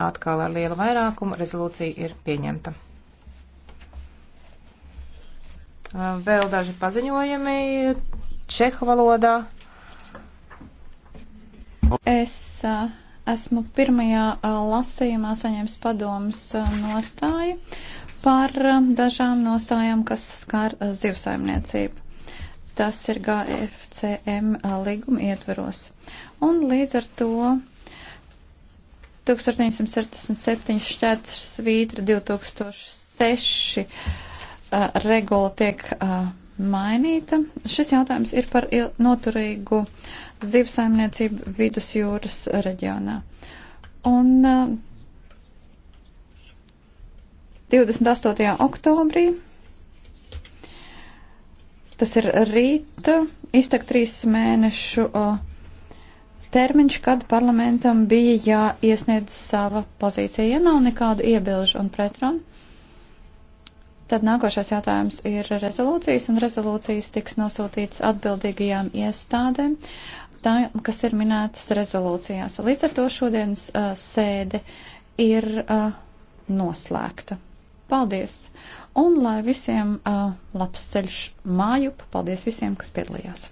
Atkal ar lielu vairākumu rezolūcija ir pieņemta. Vēl daži paziņojumi čehu valodā. Es esmu pirmajā lasījumā saņēmis padomus nostāju par dažām nostājām, kas skar zivsaimniecību. Tas ir GFCM līguma ietveros. Un līdz ar to 1777 šķērs svītra 2006 uh, regula tiek uh, mainīta. Šis jautājums ir par noturīgu zivsaimniecību vidusjūras reģionā. Un uh, 28. oktobrī, tas ir rīt, iztek trīs mēnešu. Uh, termiņš, kad parlamentam bija jāiesniedz sava pozīcija. Ja nav nekādu iebilžu un pretrunu, tad nākošais jautājums ir rezolūcijas, un rezolūcijas tiks nosūtītas atbildīgajām iestādēm, tām, kas ir minētas rezolūcijās. Līdz ar to šodienas uh, sēde ir uh, noslēgta. Paldies! Un lai visiem uh, labs ceļš mājup, paldies visiem, kas piedalījās!